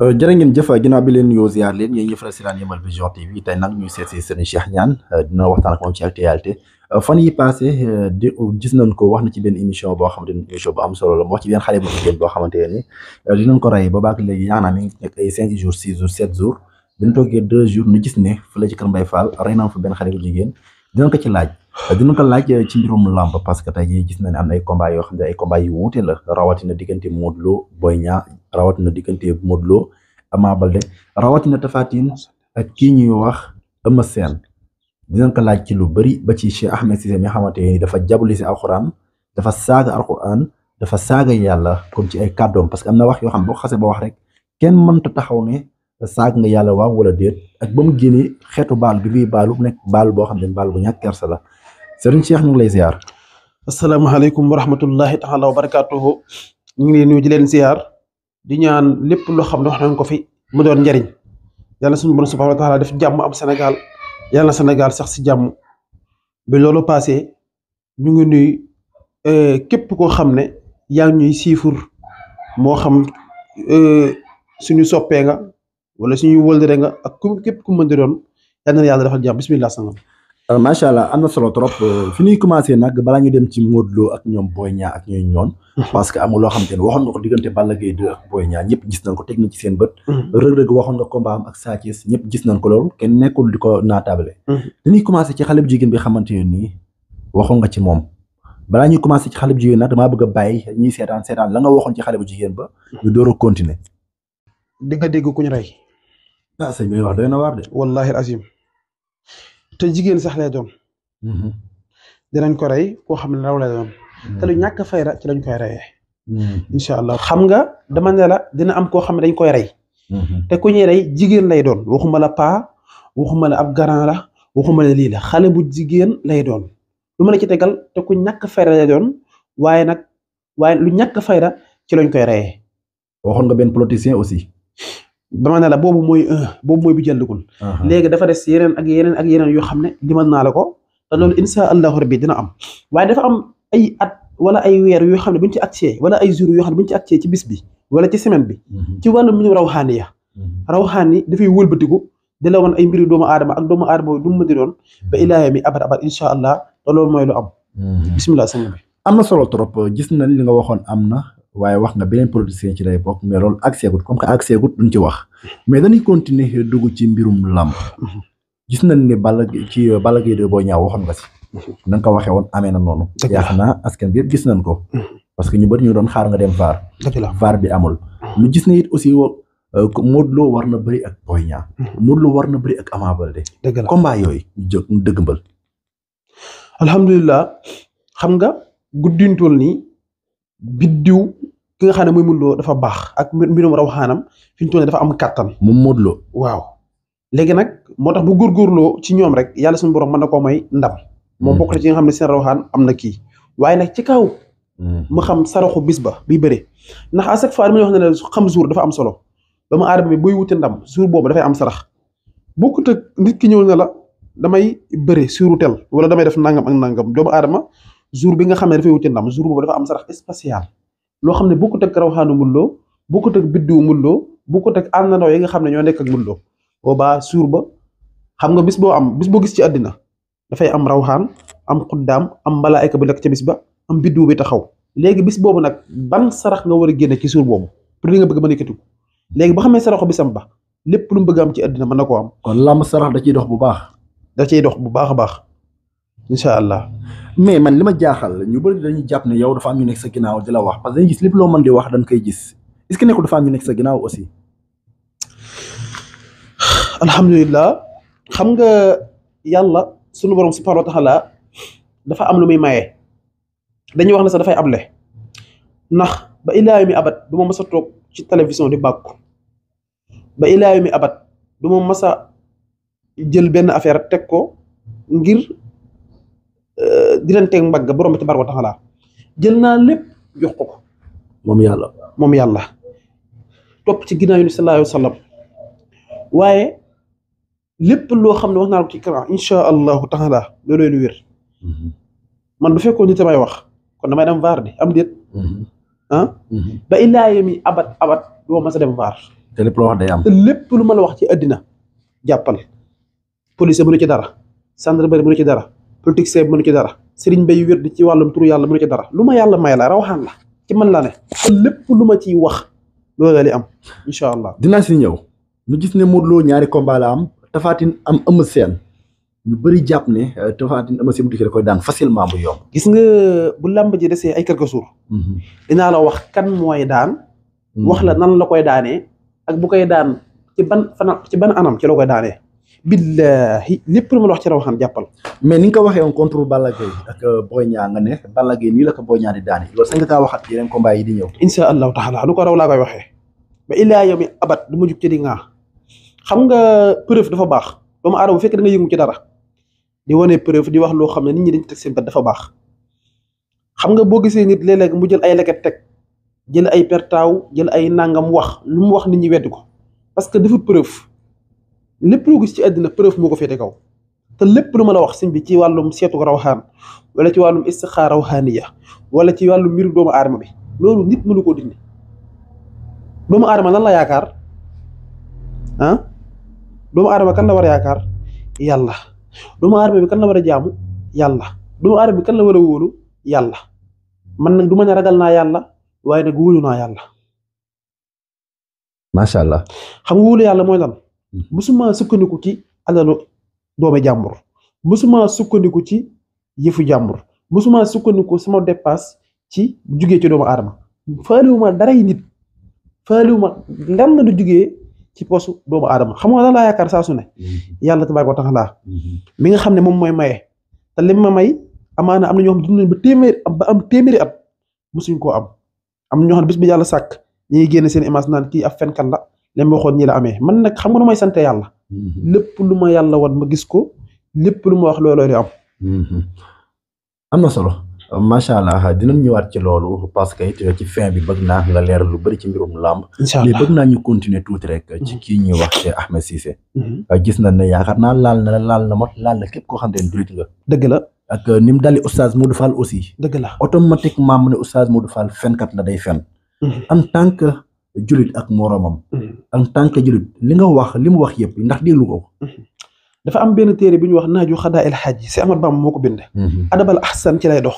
Euh, jërë ngeen jëf ginnaaw bi leen nuyoo ziar leen yéen ñi faral si daan Yeumbeul TV tey nag ñuy seet si Serigne Cheikh euh, dina waxtaan ak euh, fan yi passé di gis nañ ko wax na ci benn émission boo xamante ni émission bu boo xamante ni dinañ ko rey ba baak léegi yaa naa mi ngi nekk ay six jours sept jours bi ñu toogee deux jours ñu gis ne fële ci kër Mbaye Fall rey nañ benn xale bu jigéen dina ko ci laaj dina ko laaj ci mbirum làmb parce que tey jii gis na ne am na ay combat yoo xam ne ay combat yu wuute la rawatina diggante Modou Lo Boy ñaar rawatina diggante Modou Lo Ama Baldé rawatina Tapha ak kii ñuy wax Eumeu Sène dina ko laaj ci lu bëri ba ci Cheikh Ahmed Cissé mi nga xamante ni dafa jabuli si alxuraan dafa saaga alxuraan dafa saaga yàlla comme ci ay kàddoom parce que am na wax yoo xam boo xasee ba wax rek kenn mënta taxaw ne saag nga yàlla waaw wala déet ak ba mu génnee xeetu baal bi muy baalu nekk baal boo xam ne baal bu ñàkk kersa la sëriñ Cheikh ñu ngi lay ziar. asalaamaaleykum wa rahmatullahi taala wa barakaatuhu ñu ngi lay nuyu leen ziar di ñaan lépp loo xam ne nañ ko fi mu njariñ yàlla suñu borom subhanahu wa taala def jàmm am Sénégal yàlla Sénégal sax si jàmm bi loolu passé ñu ngi nuyu euh, képp koo xam ne yaa ngi ñuy siifur moo xam euh, suñu soppee nga. wala suñuy wëlde nga ak ku képp ku mën di doon yal na yàlla defal jàmm bismillah sangam. Euh, macha allah am na solo trop euh, fi ñuy commencé nag balaa ñu dem ci Modou Lo ak ñoom Boy Niang ak ñooy ñoon mhm. parce que amul loo xam te ne waxoon nga ko diggante Balla Gaye 2 ko teg na ci seen bët. Mhm. Reug Reug waxoon nga combat am ak ñëpp gis nañ ko loolu kenn nekkul di ko naataabale. Mhm. dañuy commencé ci xale bu jigéen bi xamante ne nii waxoon nga ci moom. balaa ñu commencé ci xale bu jigéen nag damaa bëgg bàyyi ñuy seetaan seetaan la nga waxoon ci xale bu jigéen ba. ñu door a continuer. di nga dégg ku ñu rey. ah sëñ bi wax doy na waar de. wallaahi azim te jigéen sax lay doon. Mm-hmm. dinañ ko rey koo xam ne raw lay doon. Mm-hmm. te lu ñàkk fayda ci lañ koy reyee. Mm-hmm. incha allah xam nga dama ne la am koo xam ne dañ koy rey. te ku ñuy rey jigéen lay doon waxuma la paa waxuma la ab garant la waxuma la lii la xale bu jigéen lay doon. lu la ci tegal te ku ñàkk fayda lay doon waaye nag waaye lu ñàkk fayda ci lañ koy reyee. waxoon nga benn politicien aussi. dama ne boobu mooy boobu mooy bu jëndagul. léegi dafa des yeneen ak yeneen ak yeneen yoo xam ne limal naa la ko te loolu insha allahu rabbi dina am waaye dafa am ay at wala ay weer yoo xam ne bu ñu ci accès wala ay jours yoo xam ne bu ñu ci accès ci bis bi wala ci semaine bi. Mhm. ci wàllu raw rawxaani ya raw mhm. rawxaani dafay wëlbatiku di la woon ay mbiri doomu aadama ak doomu aadama du mu mënti doon ba mhm. ilaahi mi abar abar insha allah te loolu mooy lu am. bisimilah sëñ bi. am na solo trop gis nañ li nga waxoon am na waaye wax nga beneen producteur ci lay bokk mais loolu accès gut comme que accès gut duñ ci wax mais dañuy continuer dugg ci mbirum làmb gis nañ ne Balla ci euh, Balla Gaye 2 Boy Niang waxoon nga si na nga ko waxee woon amee na noonu yaakaar naa askan bi yëpp gis nañ ko parce que ñu bëri ñu doon xaar nga dem VAR VAR bi amul mu gis na it aussi euh, Modou Lo war na bëri ak Boy Niang Modou Lo war na bëri ak Ama Baldé combat yooyu jóg dëgg mbal alhamdulilah xam nga guddintool ni biddiw ki nga xam ne mooy Modou dafa baax ak mbirum raw xaanam fi ñu toll dafa am kàttan moom Modou Lo waaw léegi nag moo tax bu góorgóorloo ci ñoom rek yàlla suñu borom mën na koo may ndam moom hmm. bokk na ci nga xam ne seen rawxaan am na kii waaye nag ci kaw hmm. mu xam saraxu bis ba bi bëri ndax à chaque fois dama wax ne la xam jour dafa am solo dama aadama bi buy wute ndam jour boobu dafay am sarax bokkut ak nit ki ñëw na la damay bëre suuru tel wala damay def nangam ak nangam doomu aadama jour bi nga xam ne dafay wute ndam jour boobu dafa am sarax spécial loo xam ne bokkut ak rawaxaanu Modou Lo bokkut ak biddiwu Modou Lo bokkut ak àndandoo yi nga xam ne ñoo nekk ak Lo boobaa suur ba xam nga bis boo am bis boo gis ci àddina dafay am rawxaan am xuddaam am malaayka bu nekk ca bis ba am biddiwu bi taxaw léegi bis boobu nag ban sarax nga war a génne ci suur boobu pour li nga bëgg mën a yëkkatiku léegi ba xamee saraxu bisam ba lépp lu mu bëgg am ci àddina mën na koo am. kon làmb sarax da ciy dox bu baax. da ciy dox bu baax a baax. incha allah. mais man li ma jaaxal ñu bëri dañuy jàpp ne yow dafa am ñu nekk sa ginnaaw di la wax parce que dañuy gis lépp loo mën di wax dañ koy gis est-ce que nekkul dafa am ñu nekk sa ginnaaw aussi. alhamdulilah xam nga yàlla sunu borom subhanahu wa taala dafa am lu muy maye dañuy wax ne sax dafay able ndax ba ilaayu mi abat du ma mës a toog ci télévision di bàkku ba ilaayu mi abat du ma mës a jël benn affaire teg ko ngir. Euh, di leen teg mbagg borom bi tabaaraka wa taala jël naa lépp jox ko moom yàlla moom yàlla topp ci ginnaaw yu ni waaye lépp loo xam ne wax naa ko ci Quran insha allahu taala loolooy lu wér mm-hmm. man bu fekkoon ni tamay wax kon damay dem vaar di am déet mm-hmm. ah mm-hmm. ba illaa yemi abat abat doo ma sa dem vaar te lépp loo wax day am te lu ma la wax ci àddina jàppal police mënu ci dara gendarmerie mënu ci dara politicien mënu ci dara sëriñ ba wér di ci wàllum turu yàlla mu mënu ci dara lu ma yàlla may la rawaxaan la ci man la ne lépp lu ma ciy wax loolu li am incha allah. dinaa si ñëw ñu gis ne Modou loo ñaari combat la am Tapha Tine am Eumeu Sène ñu bëri jàpp ne euh, Tapha Tine Eumeu Sène bu dikkee bu yomb. gis nga bu làmb ji desee ay quelques jours. Mhm. dinaa la wax kan mooy daan. Mhm. wax la nan la koy daanee ak bu koy daan ci ban fan ci ban anam ci la koy daanee. billaahi lépp lu ma la wax ci raw xam jàppal. mais ni nga ko waxee woon contre Balla Gaye ak nga ne Balla nii la ko Boy Niang di daane loolu sax nga kaa waxat ko raw laa koy waxee ba illaa yow mi abat du ma jug ci di nga xam nga preuve dafa baax doomu aadama bu fekkee da nga yëngu ci dara di wane preuve di wax loo xam ne nit ñi dañ teg dafa baax xam nga boo gisee nit léeg-léeg mu jël ay leket teg jël ay pertaaw jël ay nangam wax lu mu wax nit ñi weddi ko parce que dafa lépp loo gis ci àddina preuve moo ko féete kaw te lépp lu mën a wax sëñ bi ci wàllum seetu rawxaan wala ci wàllum istixaar rawxaaniya wala ci wàllum mbiru doomu aadama bi loolu nit mënu ko dindi doomu aadama lan la yaakaar ah doomu aadama kan la war a yaakaar yàlla doomu aadama bi kan la war a jaamu yàlla doomu aadama bi kan la war a wóolu yàlla man na du ma ne ragal naa yàlla waaye nag wóolu naa yàlla. macha allah xam nga wóolu yàlla mooy lan. Mhm. musuma sukkandiku ci alalu doomi jàmbur musuma sukkandiku ci yëfu jàmbur musuma sukkandiku sama dépasse ci jugee ci doomu aadama faaliwuma daray nit faaliwuma ndam na du jugee ci posu doomu aadama xam nga lan laa yaakaar saa su ne mhm. yàlla tabaaraka wa taala mhm. mi nga xam ne moom mooy maye te lim ma may amaana am na ñoo xam dund nañ ba téeméeri ba am téeméeri at mosuñ koo am am na ñoo bis bi yàlla sàkk ñi génn seen image naan kii a fenkat la li ma waxoon ñi la amee man nag xam nga nu may sant yàlla mm-hmm. lépp lu ma yàlla wan ma gis ko lépp lu ma wax looloo di am mm-hmm. am na solo macha allah dinañ ñëwaat ci loolu parce que it ci fin bi bëgg naa nga leer lu bëri ci mbirum làmb mais bëgg naa ñu continuer tuuti rek ci kii ñuy wax ci Ahmed Cissé mm-hmm. ah, gis na ne yaakaar naa laal na laal na mot laal na képp koo xam ne dulit nga dëgg la ak euh, ni mu dali oustaz Modou Fall aussi dëgg la automatiquement mu ne oustaz Modou Fall fenkat la day fen julit ak moroomam mm-hmm. en tant julit li nga wax li mu wax yëpp ndax déglu ko mm-hmm. dafa am benn téere bi ñu wax naaju xadaa el xaaj si Ahmad Bamba moo ko bind mm-hmm. adabal ahsan ci lay dox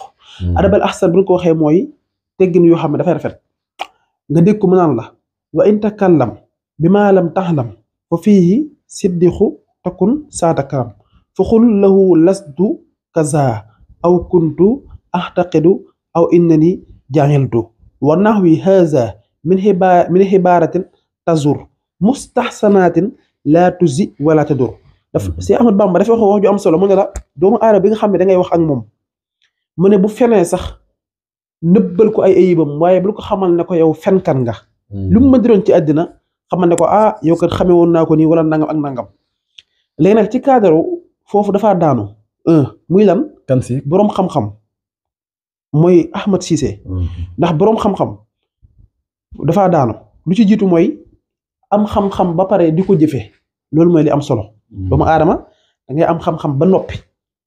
adabal ahsan bu ko waxee mooy teggin yoo xam ne dafay rafet nga dégg ko mu naan la wa in takallam bi maa lam taxlam fa fii siddiqu takun saata karam fa xul lahu lasdu kaza aw kuntu axtaqidu aw innani jaxiltu wa naxwi haza min xibaar min xibaaratin tazur mustaxsanaatin laa tuzi wala tadur daf mhm. si Ahmad Bamba dafa wax wax ju am solo mu ne la doomu aadama bi nga xam ne da ngay wax ak moom mu ne bu fenee sax nëbbal ko ay ayibam waaye bul ko xamal ne ko yow fenkan nga mhm. lu mu ma diroon ci àddina xamal ne ko ah yow kat xamee woon naa ko nii wala nangam ak nangam léegi nag ci cadre foofu dafaa daanu muy lan kan boroom xam-xam mooy Ahmad Cissé mhm. ndax boroom xam-xam defaa daano lu ci jiitu mooy am xam-xam ba pare di ko jëfee loolu mooy li am solo. Hmm. doomu aadama da ngay am xam-xam ba noppi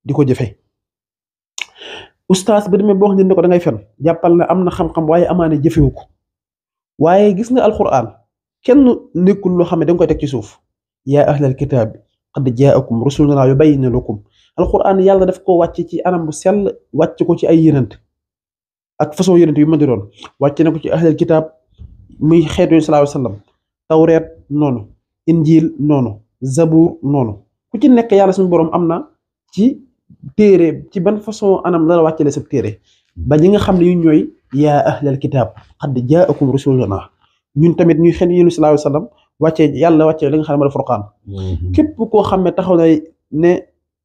di ko jëfee. ustaas ba demee boo xam ne ko da ngay fen jàppal na am na xam-xam waaye amaane jëfewu ko waaye gis nga alxuraan kenn nekkul loo xam ne da nga koy teg ci suuf. yaa ahlal kitaab qad jaakum rusuluna yubayyinu lakum alxuraan yàlla daf ko wàcc ci anam bu sell wàcc ko ci ay yonent ak façon yonent yu mën di doon na ko ci ahlal kitaab muy xeetu yi sallallahu alayhi wa tawreet noonu injiil noonu zabuur noonu ku ci nekk yàlla suñu borom am na ci téere ci ban façon anam la la wàccale sa téere ba ñi nga xam ne yu ñooy yaa ahlal kitaab qad jaakum rusuluna ñun tamit ñuy xeetu yi sallallahu alayhi wa wàccee yàlla wàccee li nga xam ne ma furqaan mm-hmm. képp koo xam ne taxaw na ne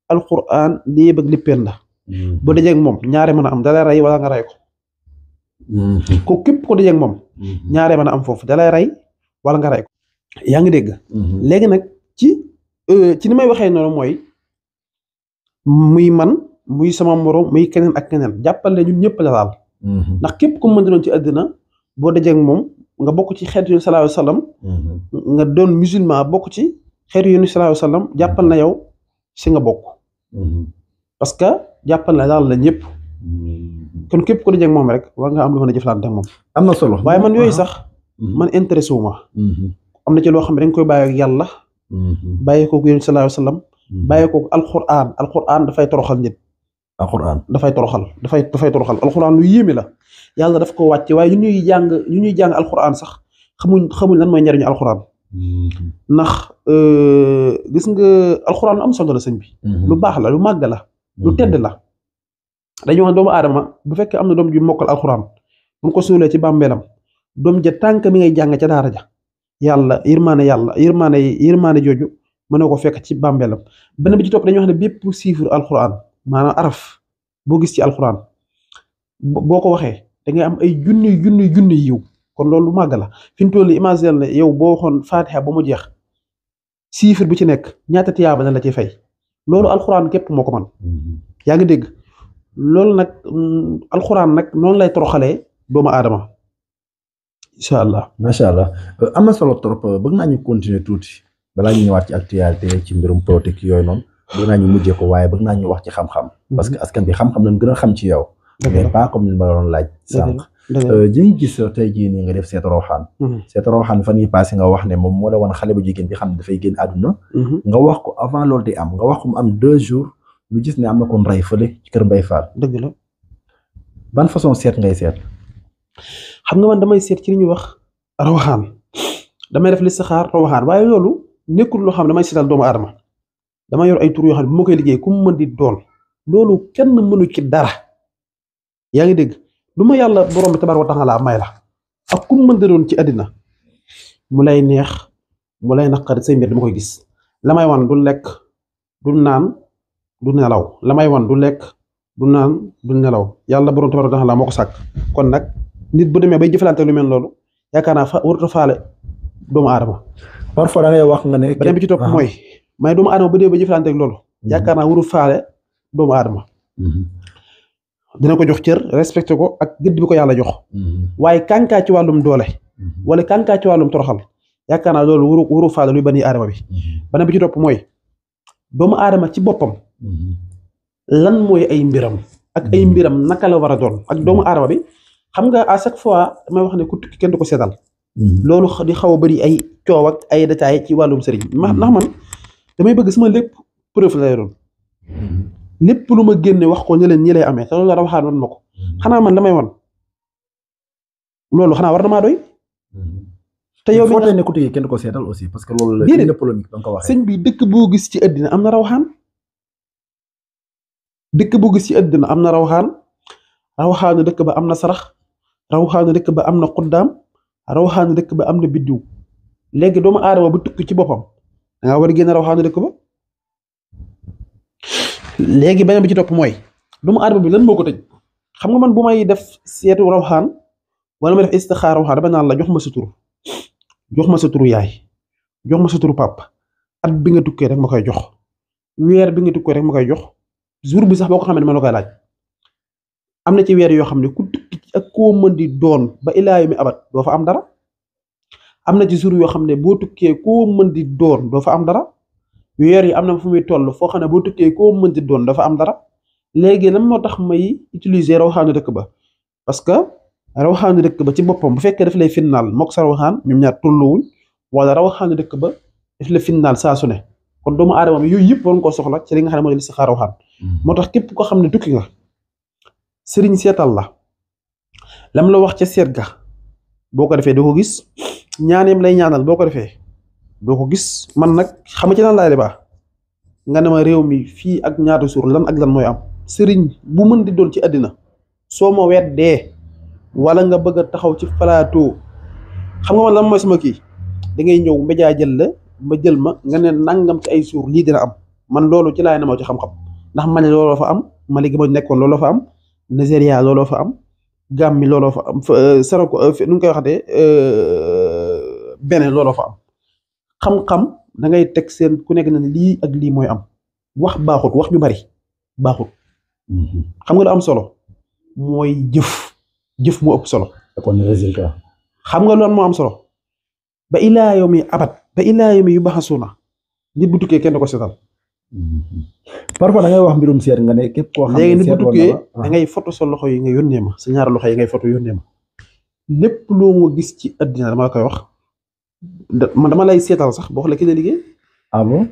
alquran lii bëgg lippeen la mm-hmm. bu dajeeg moom ñaare mën a am dala rey wala nga rey Mhm. ko képp ko dajeeg moom. Mhm. ñaaree mën am foofu dalay rey wala nga rey ko. yaa ngi dégg. Mhm. léegi nag ci euh, ci ni may waxee noonu mooy muy man muy sama morom muy keneen ak keneen jàppale ñun ñëpp la daal. ndax képp ku mën di doon ci àddina boo dajeeg moom nga bokk ci xeetu yonent sallallahu alayhi nga doon musulman bokk ci xeetu yonent sallallahu alayhi jàppal na yow si nga bokk. parce que jàppal na daal la ñëpp. kon képp ku dajeeg moom rek war nga am lu mën a jëflante ak na solo waaye man yooyu sax. Mhm. man intéressé wu ma. Mhm. am na ci loo xam ne dañ koy bàyyi ak yàlla. Mhm. bàyyi ko yonent sallallahu alayhi wasallam. bàyyi ko alquran alquran dafay toroxal nit. alquran dafay toroxal dafay dafay toroxal alquran lu yéeme la yàlla daf ko wàcce waaye ñu ñuy jàng ñu ñuy jàng alquran sax xamuñ xamuñ lan mooy njariñu alquran. ndax euh, gis nga alquran lu am solo la sëñ bi. lu baax la lu màgg la. lu tedd la. dañu wax doomu aadama bu fekkee am na doom ju mokkal alxuraan bu ko suulee ci bàmbeelam doom ja tànk mi ngay jàng ca daara ja yàlla yërmaane yàlla yërmaane yërmaane jooju mënoo ko fekk ci bàmbeelam benn bi ci topp dañuy wax ne bépp chiffre alxuraan maanaam araf boo gis ci alxuraan boo ko waxee da ngay am ay junni junni junni yiw kon loolu lu màgg la fi mu toll nii imagine la yow boo waxoon faatiha ba mu jeex chiffre bu ci nekk ñaata tiyaaba na la ci fay loolu alxuraan képp moo ko man mm-hmm. loolu nag mm, alxuraan nag noonu lay toroxalee doomu aadama incha allah. macha allah euh, am na solo trop euh, bëgg naa ñu continuer tuuti balaa ñu ñëwaat ci actualité ci mbirum politique yooyu noonu bëgg naa ñu mujjee ko waaye bëgg naa ñu wax ci xam-xam. Mhm. parce que askan bi xam-xam lañ gën a xam ci yow. mais pas comme ni ma la doon laaj. sànq jërëjëf euh, tey jii nii nga def seet roxaan. Mhm. seet roxaan fan yii passé nga wax ne moom moo la wan xale bu jigéen bi xam ne dafay génn àdduna. Mhm. nga wax ko avant loolu di am nga am deux jours. lu gis ne am na kon rey fële ci kër bay Fall. dëgg la. ban façon seet ngay seet. xam nga man damay seet ci lu ñuy wax rawaxaan damay def saxaar rawaxaan waaye loolu nekkul loo xam damay seetal doomu adama dama yor ay tur yoo xam ne bu ma koy liggéey ku mu mën di doon loolu kenn mënu ci dara yaa ngi dégg lu ma yàlla borom bi tabaaraka wa may la ak ku mu mën di doon ci addina mu lay neex mu lay naqari say mbir dama koy gis la may wan du lekk du naan. du nelaw la may wan du lekk du naan du nelaw yàlla borom tabaaraka taala moo ko sàkk kon nag nit bu demee ba jëfalante lu mel loolu yaakaar naa fa a faale doomu aadama. parfois da ngay wax nga ne. beneen ci topp ah. mooy may doomu aadama bu ba jëfalante ak loolu. Hmm. yaakaar naa warut faale doomu aadama. Hmm. dina ko jox cër respecté ko ak gëdd bi ko yàlla jox. Hmm. waaye kànkaa ci wàllum doole. wala kànkaa ci wàllum toroxal. yaakaar naa loolu waru waru faale luy bani aadama bi. beneen bi ci topp mooy doomu aadama ci boppam. Mhm. lan mooy ay mbiram ak ay mhm. mbiram naka la war a doon ak doomu mhm. aadama bi xam nga à chaque fois may wax ne ku tukki kenn du ko seetal loolu di xaw a bëri ay coow ay détails ci wàllum sëriñ ma ndax man damay bëgg sama lépp preuve lay doon lépp lu ma génne wax ko ñu leen ñi amee te loolu la waxaan woon ma ko xanaa man damay wan loolu xanaa war na maa doy te yow bi nga ne ku ko seetal aussi loolu la lépp polémique da nga bi dëkk boo gis ci àddina am na raw xaan dëkk bu gis ci àddina am na rawxaan rawxaanu dëkk ba am na sarax rawxaanu dëkk ba am na xuddaam rawxaanu dëkk ba am na biddiw léegi doomu aadama bu tukki ci boppam da war a génn rawxaanu dëkk ba léegi beneen bi ci topp mooy doomu aadama bi lan moo ko tëj xam nga man bu may def seetu rawxaan wala ma def istixaar rawxaan dama naan la jox ma sa jox ma sa turu yaay jox ma sa turu at bi nga tukkee rek ma koy jox weer bi nga tukkee rek ma koy jox. jour bi sax boo ko xamee dama la koy laaj am na ci weer yoo xam ne ku ak koo mën di doon ba ilaayu mi abat doo fa am dara am na ci jour yoo xam ne boo tukkee ko mën di doon doo fa am dara weer yi am na fu muy toll foo xam ne boo tukkee mën di doon dafa am dara léegi lan moo tax may utiliser rawaxaanu dëkk ba parce que rawaxaanu dëkk ba ci boppam bu fekkee daf lay finnaal mook sa xaan ñoom ñaar tolluwuñ wala rawaxaanu dëkk ba daf lay finnaal saa su ne kon doomu aadama bi yooyu yëpp war nga koo soxla ci li nga xam ne moo di li Mhm. moo tax képp ko xam ne tukki nga sëriñ seetal la lam la wax ca seet ga boo ko defee doo ko gis ñaaneem lay ñaanal boo ko defee doo ko gis man nag xam ci lan laay baax nga ne réew mi fii ak ñaata suur lan ak lan mooy am sëriñ bu mën di doon ci àddina soo ma dee walla nga bëgg taxaw ci plateau xam nga man lan mooy sama kii da ngay ñëw mbéjaa jël la ma jël ma nga ne nangam ci ay suur lii dina am man loolu ci laay na ma ci xam-xam ndax Mali looloo fa am Mali gi ma nekkoon looloo fa am Nigéria looloo fa am mi looloo fa am euh, Sarako euh, nu ngi koy waxatee euh, Benin looloo fa am xam-xam dangay ngay teg seen ku nekk na lii ak lii mooy am wax baaxut wax ju bari baaxut mm-hmm. xam nga lu am solo mooy jëf jëf moo ëpp solo. xam nga loolu moo am solo ba ilaa yow mi abat ba ilaa yow mi yu baax a suuna nit bu tukkee kenn du ko setal parfois da ngay wax mbirum seet nga ne képp koo xam ne léegi nit bu duggee da foto sa loxo yi nga yónnee ma sa ñaari loxo yi ngay foto yónnee ma lépp loo ma gis ci àddina dama koy wax man dama lay seetal sax boo xoolee ki liggéey. ah bon.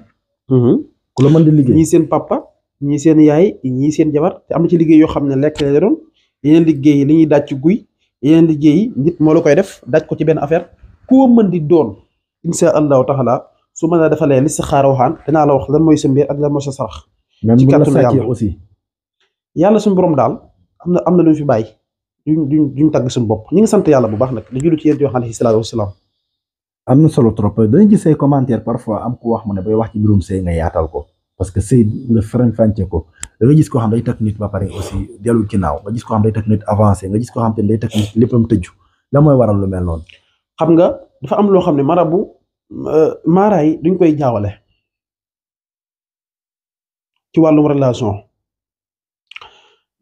Mhm. mën di liggéey ñii seen papa ñii seen yaay ñii seen jabar te am ci liggéey yoo xam ne lekk la doon yeneen liggéey yi li ñuy daaj ci guy yeneen liggéey yi moo la koy def daaj ko ci benn affaire koo mën di doon incha allahu taala su ma la defalee listixaara waxaan dinaa la wax lan mooy sa ak lan mooy sa sarax. ci kàttanu yàlla aussi. daal am na am na lu ñu fi bàyyi duñ duñ duñ tagg bopp ñu ngi sant yàlla bu baax nag di jullu ci yéen di wax alayhi salaatu wasalaam. am na solo trop dañu gis say commentaire parfois am ku wax mu ne bay wax ci mbirum sëy nga yaatal ko parce que sëy nga faram-fàccee ko da nga gis koo xam day takk nit ba pare aussi delu ginnaaw nga gis koo xam day takk nit avancé nga gis ko xam te day takk nit léppam tëju la waral lu mel noonu. xam nga dafa am loo xam ne Euh, maaraay duñ koy jaawale ci wàllum relation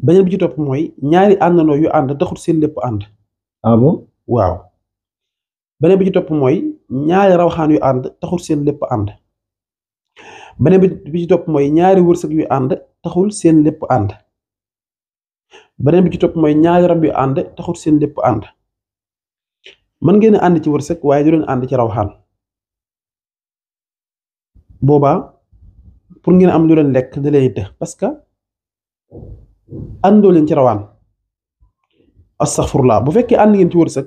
beneen bi ci topp mooy ñaari àndandoo yu ànd taxut seen lépp ànd. ah beneen bi ci topp mooy ñaari rawxaan yu ànd taxul seen lépp ànd beneen bi ci mooy ñaari wërsëg yu ànd taxul seen lépp ànd beneen bi ci topp mooy ñaari rab yu ànd taxul seen lépp ànd man ngeen ànd ci wërsëg waaye du leen ànd ci rawaxaan boobaa pour ngeen am lu leen lekk da leen të parce que àndoo a sax rawaan astaghfirullah bu fekkee ànd ngeen ci war wërsëg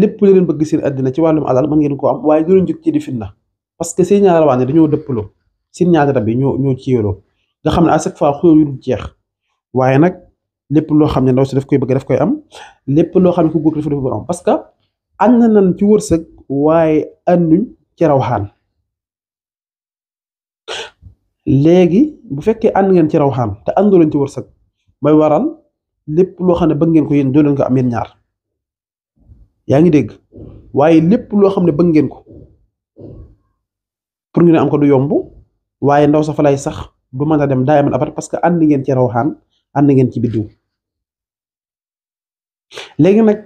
lépp lu leen bëgg seen àddina ci wàllum alal mën ngeen ko am waaye du leen jóg ci di na parce que seen ñaari rawaan yi dañoo dëppaloo seen ñaari rab yi ñoo ñoo ciyeloo nga xam ne à chaque fois xulóo yu dul jeex waaye nag lépp loo xam ne ndaw si daf koy bëgg daf koy am lépp loo xam ne ku góor dafa daf am parce que na nañ ci wërsëg waaye nuñ ci rawaan léegi bu fekkee na ngeen ci rawxaan te àndoo leen ci war wërsëg mooy waral lépp loo xam ne bëgg ngeen ko yéen doo leen ko am yéen ñaar yaa ngi dégg waaye lépp loo xam ne bëgg ngeen ko pour ngeen am ko du yomb waaye ndaw sa fa lay sax du mën a dem daa amoon abat parce que ànd ngeen ci rawxaan ànd ngeen ci biddiw léegi nag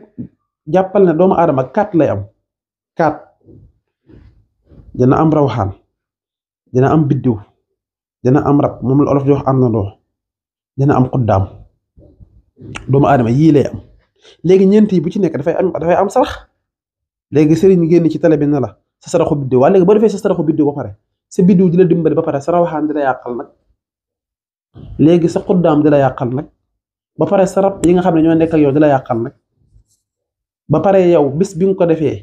jàppal ne doomu aadama kaat lay am kaat dina am rawxaan dina am biddiw. dina am rab moom la olof di wax àndandoo dina am xuddaam doomu adama yii lay am léegi ñeenti bu ci nekk dafay am dafay am sarax léegi sëriñ génn ci télé la sa saraxu biddiw waa léegi boo defee sa saraxu biddiw ba pare di la dimbali ba pare sa rawaxaan yàqal na léegi sa xuddaam di la yàqal nag ba pare sa yi nga xam ne ñoo nekk ak yow di la yàqal nag ba pare yow bis bi nga ko defee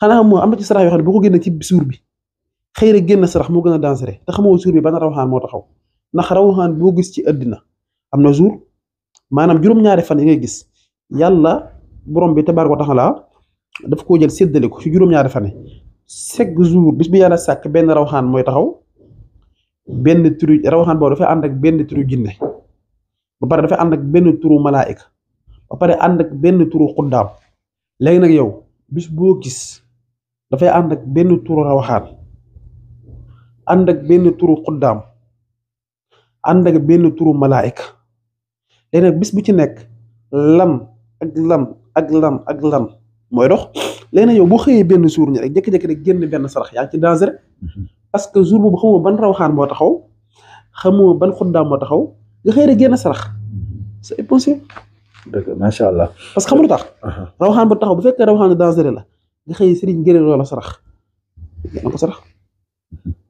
xanaa moo am na ci sarax yoo xam ne boo ko génnee ci suur bi xëy na génn sarax moo gën a danseré te xamoo jour bi ban rawaxaan moo taxaw ndax rawaxaan boo gis ci àddina am na jour maanaam juróom-ñaari fan yi ngay gis yàlla borom bi tabaaraka wa taala daf koo jël séddale ci juróom-ñaari fan yi chaque jour bis bi yàlla sàkk benn rawaxaan mooy taxaw benn turu rawaxaan boobu dafay ànd benn turu jinne ba pare dafay ànd ak benn turu malaayika ba pare ànd ak benn turu xuddaam léegi nag yow bis boo gis dafay ànd ak benn turu rawaxaan ànd ak benn turu xuddaam ànd ak benn tour malaayika léegi bis bu ci nekk lam ak lam ak lam ak lam mooy dox léegi yow boo xëyee benn suur ñi rek jékki-jékki rek génn benn sarax yaa ngi ci danger mhm. parce que jour boobu xamoo ban rawxaan moo taxaw xamoo ban xuddaam moo taxaw nga xëy rek génn sarax mhm. c'est impossible. dëgg macha parce que xam tax. Uh-huh. rawxaan bu taxaw bu fekkee rawxaan danger la nga xëy sëriñ génne loola sarax. sarax. Mhm.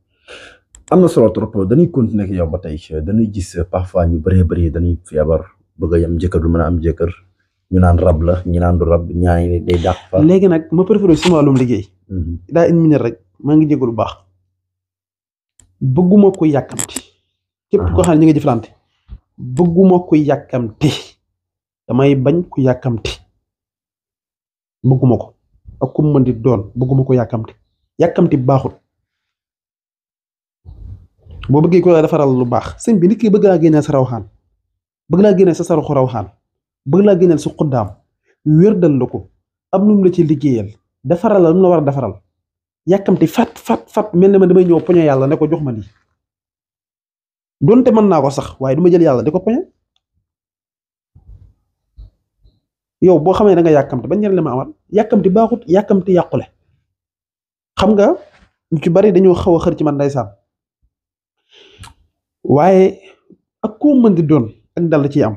am na solo trop dañuy continuer ak yow ba tey dañuy gis parfois ñu bëree bëri dañuy feebar bëgg a yem jëkkër lu mën a am jëkkër ñu naan rab la ñu naan du rab ñaari day dàq fa léegi nag ma préféré sama wàllum liggéey. Mhm. daa une minute rek maa ngi jégalu baax. bëgguma ko yàkkamti. képp koo xam ne ñu ngi jëflante. bëgguma ko yàkkamti. damay bañ ku yàkkamti. bëgguma ko ak ku mu mën di doon bëgguma ko yàkkamti yàkkamti baaxut. boo bëggee ku la lu baax sëñ bi nit ki bëgg laa génneel sa rawxaan bëgg laa génneel sa saruxu rawxaan bëgg laa génneel sa xuddaam wérdal la ko am lu mu la ci liggéeyal defaral la lu mu war a defaral yàkkamti fat fat fat mel ne ma damay ñëw poñe yàlla ne ko jox ma lii donte mën naa ko sax waaye du ma jël yàlla di ko poñe yow boo xamee da nga yàkkamti ba njëriñ la ma amal yàkkamti baaxut yàkkamti yàqule xam nga ñu ci bari dañoo xaw a xër ci man ndeysaan waaye ak koo mën di doon ak dal da ciy am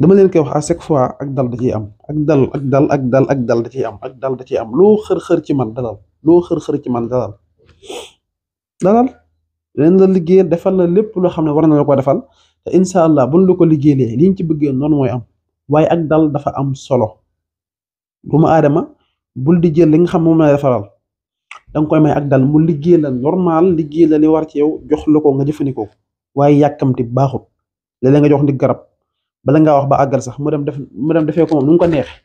dama leen koy wax à chaque fois ak dal da ciy am ak dal ak dal ak dal ak dal da ciy am ak dal da ciy am loo xër-xër ci man dalal loo xër-xër ci man dalal dalal leen la liggéeyal defal la lépp loo xam ne war na la ko defal te incha allah buñ la ko liggéeyee liñ ci bëggee noonu mooy am waaye ak dal dafa am solo doomu aadama bul di jël li nga xam moom la defaral da nga koy may ak dal mu liggéey la normal liggéey la ne war ci yow jox la ko nga jëfandikoo waaye yàkkamti baaxut léeg-léeg nga jox nit garab bala ngaa wax ba àggal sax mu dem def mu dem defee ko moom nu mu ko neexee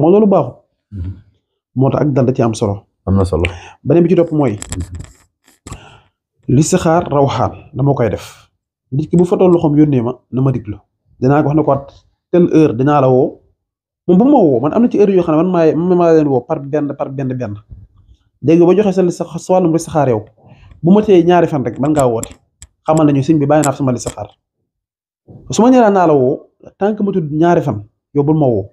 nga loolu baaxut mm-hmm. moo tax ak dal da ci am solo. am na solo beneen bi ci topp mooy mm-hmm. listixaar rawxaan dama koy def nit ki bu fa toll loxoom yónnee ma na ma diglu dinaa ko wax ne ko telle heure dinaa la woo moom bu ma woo man am na ci heure yoo xam ne man maa maa leen woo par benn par benn benn. léegi ba joxee sa sa wàllum listixaar yow bu ma téye ñaari fan rek mën ngaa woote xamal nañu sëñ bi bàyyi naa sama listixaar su ma ñëwee naa la woo tant que ma tudd ñaari fan yow bul ma woo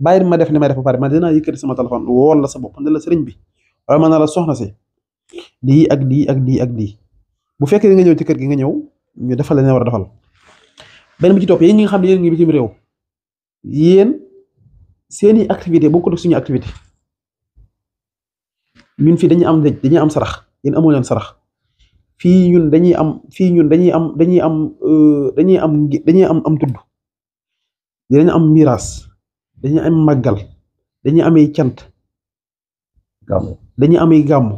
bàyyi ma def li ma def ba pare man dinaa yëkkati sama téléphone woo la sa bopp ne la bi wala ma ne la si lii ak lii ak lii ak lii bu fekkee nga ñëw ci kër gi nga ñëw ñu defal la ne war a defal benn bi ñi xam ne yéen ngi bitim réew yéen seeni activité bokkul ak suñu activité ñun fii dañuy am dañuy am sarax yéen amoo leen sarax fii ñun dañuy am fii ñun dañuy am dañuy am euh, dañuy am dañuy am am tudd dinañ am miraas dañuy am màggal dañuy amee cant dañuy amee gàmm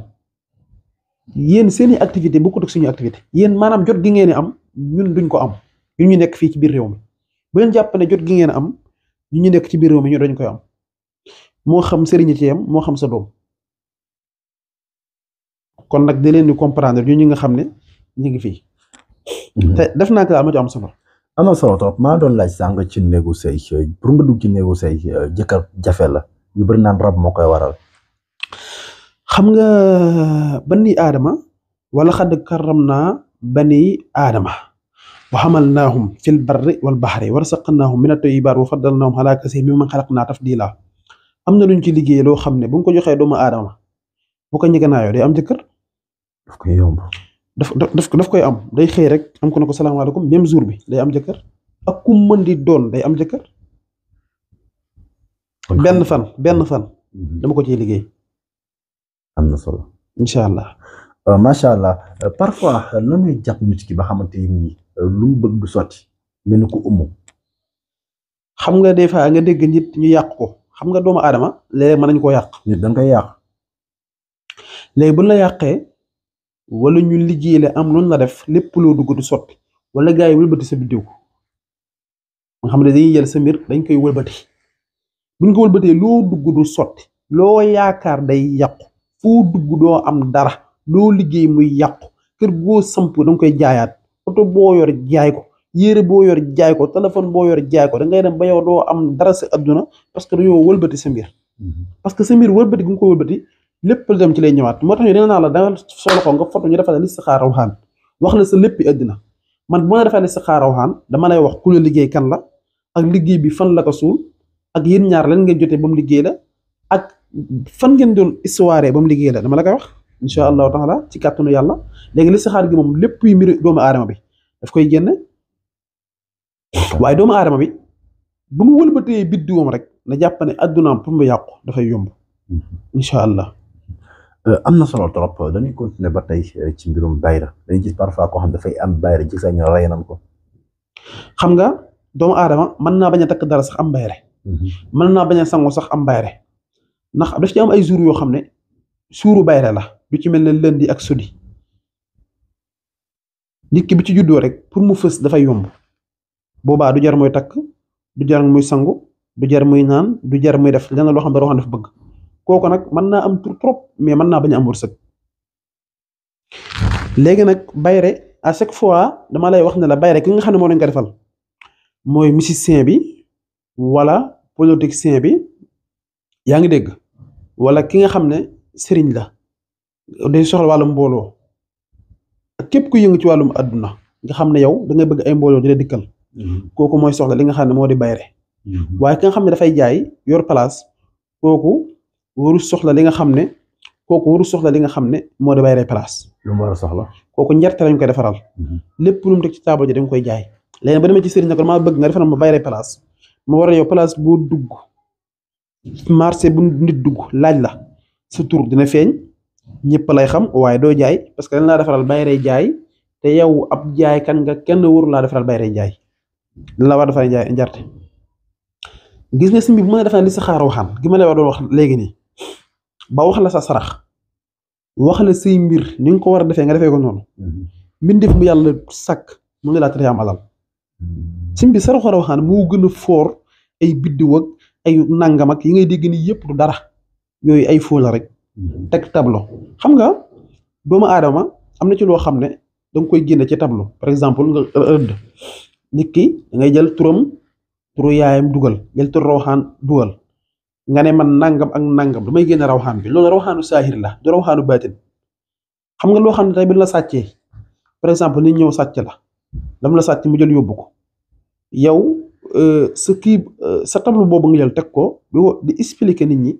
yéen seeni activité bokkut ak suñu activité yéen maanaam jot gi ngeen am ñun duñ ko am ñun ñu nekk fii ci biir réew mi bu leen jàpp jot gi ngeen am ñu ñu nekk ci biir mi ñu dañ koy am moo xam sëriñ ci yam moo xam sa doom kon nag di leen di comprendre ñu ñi nga xam ne ñu ngi fii mhm. te def naa ko daal ma ci am solo. am na solo trop maa doon laaj sàng ci néegu sëy pour nga ci néegu sëy jëkkër jafe la ñu bëri naan rab moo koy waral. xam nga bani aadama wala xadd karam naa bani aadama wa hamalnaahum fil barri wal bahri wa rasaqnaahum min at-tayyibaat wa faddalnaahum alaa kasiir mimman xalaqnaa tafdiilaa am na luñ ci liggéey loo xam ne bu ko joxee doomu aadama bu ko ñeganaayoo day am jëkkër daf koy yomb. daf daf koy am day xëy rek am ko ne ko salaamaaleykum même jour bi day am jëkkër ak ku di doon day am jëkkër. benn fan benn fan. Mhm. dama ko ciy liggéey. am na solo. incha allah. Euh, macha allah euh, parfois lan euh, ñuy jàpp nit ba xamante ni lu mu bëgg du sotti mel ni ko umu. xam nga des fois nga dégg nit ñu yàq ko xam nga doomu aadama léeg-léeg mën nañu koo yàq. nit koy yàq. léegi bu la yàqee. wala ñu liggéey la am noonu la def lépp loo dugg du sotti wala gars yi wëlbati sa biddiw nga xam ne dañuy jël sa mbir dañ koy wëlbati buñ ko wëlbatee loo dugg du loo yaakaar day yàqu foo dugg doo am dara loo liggéey muy yàqu kër boo samp da koy jaayaat oto boo yor jaay ko yére boo yor jaay ko téléphone boo yor jaay da ngay dem ba yow doo am dara sa adduna parce que dañoo wëlbati sa mbir mm-hmm. lépp lu dem ci lay ñëwaat moo tax ñu dina naa la danga ñu defal la listixaar wax la sa léppi àddina man bu ma defal dama lay wax ku liggéey kan la ak liggéey bi fan la ko suul ak yéen ñaar lan ngeen jotee ba mu liggéey la ak fan ngeen doon histoire ba mu liggéey la dama la koy wax incha allahu taala ci kàttanu yàlla léegi listixaar gi moom lépp yu mbir doomu aadama bi daf koy génne waaye doomu aadama bi bu mu wëlbatee biddiwam rek na jàppane ne addunaam yàqu dafay yomb incha allah Euh, am na solo trop dañuy continuer ba tey euh, ci mbirum bayra dañuy gis parfois koo xam dafay am bayra gis nga ñoo rey nañ ko. xam nga doomu aadama mën naa bañ a takk dara sax am bayre mhm. mën naa bañ a sangu sax am bayre ndax daf ci am ay jour yoo xam ne suuru bayre la du ci mel ne lundi ak sodi nit ki ci juddoo rek pour mu fës dafay yomb boobaa du jar mooy takk du jar muy sangu du jar muy naan du jar muy def leneen loo xam ne dafa bëgg. kooku nag mën naa am tur trop mais mën naa bañ am am wërsëg léegi nag bayre à chaque fois dama lay wax ne la bayre ki nga xam ne moo leen ko defal mooy musicien bi wala politicien bi yaa ngi dégg wala ki nga xam ne sëriñ la day soxla wàllum mbooloo képp ku yëngu ci wàllum àdduna nga xam ne yow da nga bëgg ay mbooloo di dikkal mm-hmm. kooku mooy soxla li nga xam ne moo di bayre mm-hmm. waaye ki nga xam ne dafay jaay yor place kooku warul soxla li nga xam ne kooku warul soxla li nga xam ne moo di bàyyi place. lu mu war a soxla. kooku njarte lañ koy defaral. Mhm. lépp lu mu teg ci taabal ji dañ koy jaay. léegi ba demee ci sëriñ nag maa bëgg nga defaral ma bàyyi place ma war a yow place boo dugg marché bu nit dugg laaj la sa tur dina feeñ ñëpp lay xam waaye doo jaay parce que dañ laa defaral bàyyi jaay te yow ab jaay kan nga kenn warul laa defaral bàyyi jaay dañ laa war a defaral jaay njarte gis nga simbi bu ma la defal li sa xaar waxaan gi ma lay wax doon wax léegi nii. ba wax la sa sarax wax la say mbir ni nga ko war a defee nga defee ko noonu mbindeef mu yàlla sàkk mu ngi laa tere am alal sim mm-hmm. bi saraxu rawaxaan moo gën a foor ay biddiw ak ay nàngam ak yi ngay dégg ni yëpp dara yooyu ay foola rek mm-hmm. teg tablo xam nga doomu aadama am na ci loo xam ne da koy génne ci tablo par exemple nga euh, rëdd nit ki ngay jël turam turu yaayam dugal jël tur rawaxaan dugal nga ne man nangam ak nangam damay génn rawxaan bi loolu raw xaanu saahir la du rawxaanu baatin xam nga loo xam ne tey bi la sàccee par exemple nit ñëw sàcc la lam la sàcc mu jël yóbbu ko yow euh, sa kii euh, sa boobu nga jël teg ko di expliquer nit ñi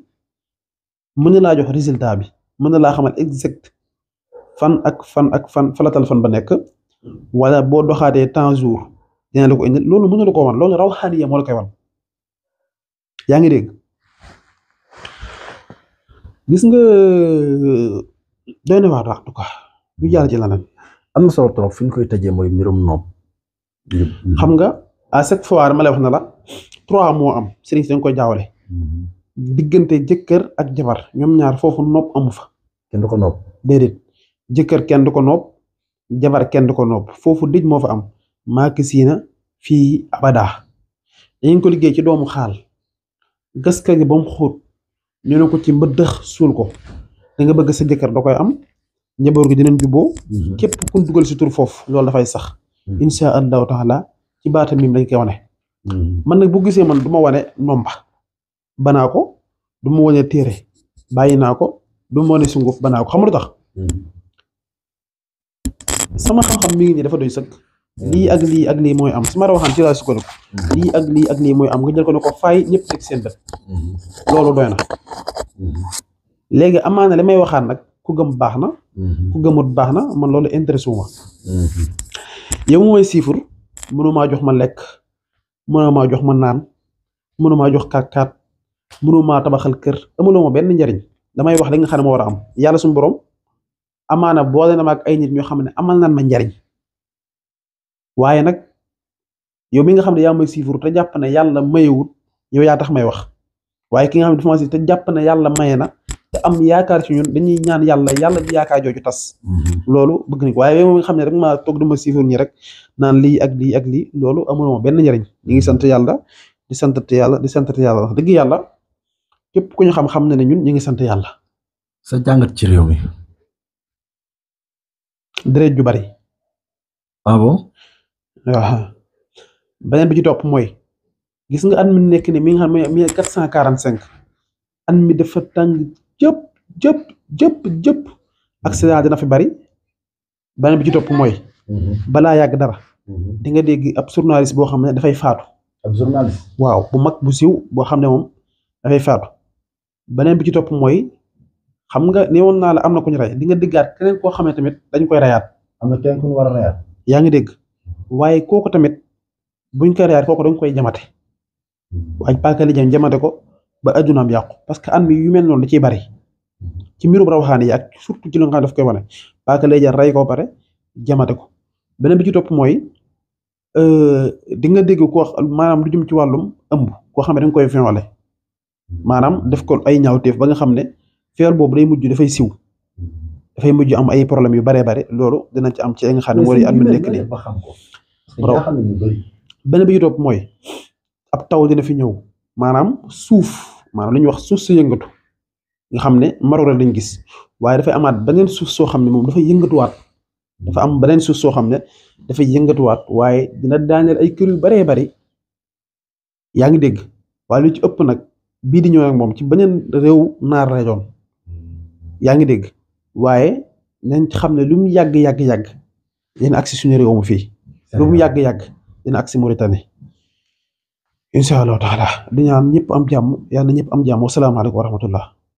mën na laa jox résultat bi mën na laa xamal exact fan ak fan ak fan falatal fan ba nekk wala boo doxaatee temps jour dina la ko indil loolu mën na ko wan loolu rawxaaniya moo la koy wan yaa ngi dégg. gis nga doy na waar daal en tout cas du jàll ci leneen. am na solo trop fi ñu koy tëjee mooy mbirum noom. xam nga à chaque fois dama lay wax na la trois moo am sëriñ si dañ koy jaawale. Mm-hmm. diggante jëkkër ak jabar ñoom ñaar foofu nopp amu fa. kenn du ko nopp. jëkkër kenn du ko nopp jabar kenn du ko nopp foofu dëj moo fa am maa kii na fii abadaa dañu ko liggéey ci doomu xaal gas ka gi ba mu ñu ne ko ci mbëddëx suul ko da bëgg sa jëkkër da koy am njaboot gi dinañ jubboo mhm. képp kun dugal si tur foofu loolu dafay sax mhm. insha allahu taala ci baata miim lañ koy wane mhm. man nag bu gisee man du ma wane nomba banaa ko du ma wane téere bàyyi naa ko du ma wane sunguf banaa ko xam lu tax sama xam-xam mi ngi dafa doy sëkk lii ak lii ak lii mooy am su ma la waxaan ci laa sukkandiku lii ak lii ak lii mooy am nga jël ko ne ko fay ñëpp teg seen bët loolu doy na léegi amaana li may waxaan nag ku gëm baax na ku gëmut baax na man loolu intéressé wu ma yow mooy siifur mënumaa jox ma lekk mënumaa jox ma naan mënumaa jox kaat-kaat mënumaa tabaxal kër amuloo ma benn njariñ damay wax li nga xam ne moo war a am yàlla suñu borom amaana boole na ma ak ay nit ñoo xam ne amal naan ma njariñ waaye nag yow mi nga xam ne yaa may siifur te jàpp ne yàlla mayewut yow yaa tax may wax waaye ki nga xam ne dafa si te jàpp na yàlla maye na te am yaakaar ci ñun dañuy ñaan yàlla yàlla ji yaakaar jooju tas mm-hmm. loolu bëgg nañ ko waaye moom nga xam ne rek maa toog dama siifur ñi rek naan lii ak lii ak lii loolu amul benn njëriñ ñu ngi sant yàlla di santat yàlla di santat yàlla wax dëgg yàlla képp ku ñu xam-xam ne ne ñun ñu ngi sant yàlla sa jàngat ci réew mi deret ju bari ah waaw beneen bi ci topp mooy gis nga at nekk ni mi nga xam ne mille cent quarante cinq at mi dafa tàng jëpp jëpp jëpp jëpp accident dina fi bari beneen bi ci topp mooy mhm. balaa yàgg dara mhm. di nga dégg ab journaliste boo xam ne dafay faatu ab journaliste waaw bu mag bu siiw boo xam ne moom dafay faatu beneen bi ci topp mooy xam nga ni woon naa la am na ku ñu rey di nga déggaat keneen koo xam ne tamit dañ koy reyaat am na keneen war a reyaat yaa ngi dégg waaye kooku tamit buñ ko reyaat kooku dañ koy jamate hmm. waaye paaka li jëm jamate ko ba addunaam yàqu parce que an yu mel noonu da ciy bari ci mbirum rawaxaan yi ak surtout ci lu nga xam koy wane paaka lay jël rey ko ba pare jamate ko beneen bi ci topp mooy euh, di nga dégg ko wax maanaam lu jëm ci wàllum ëmb koo xam ne dañ koy violé maanaam def ko ay ñaawteef ba nga xam ne feer boobu day mujj dafay siw hmm. dafay mujj am ay problèmes yu bare bari loolu dinañ ci am ci nga xam ne moo di at mi nekk nii jaaxal nañu bëri. benn mooy ab taw dina fi ñëw maanaam suuf maanaam li ñuy wax suuf su yëngatu nga xam ne Maroc dañ gis waaye dafay amaat beneen suuf soo xam ne moom dafa yëngatuwaat dafa am beneen suuf soo xam ne dafay yëngatuwaat waaye dina daaneel ay kër yu baree bari yaa ngi dégg waaye lu ci ëpp nag bii di ñëw ak moom ci beneen réew naar la yaa ngi dégg waaye nañ xam ne lu mu yàgg yàgg yàgg yéen agsi suñu réew mu fii. lu mu yàgg-yàgg dina agsi Mauritanie incha allahu taala di ñaan ñëpp am jàmm yàlla na ñëpp am jàmm wasalaamaaleykum wa rahmatullah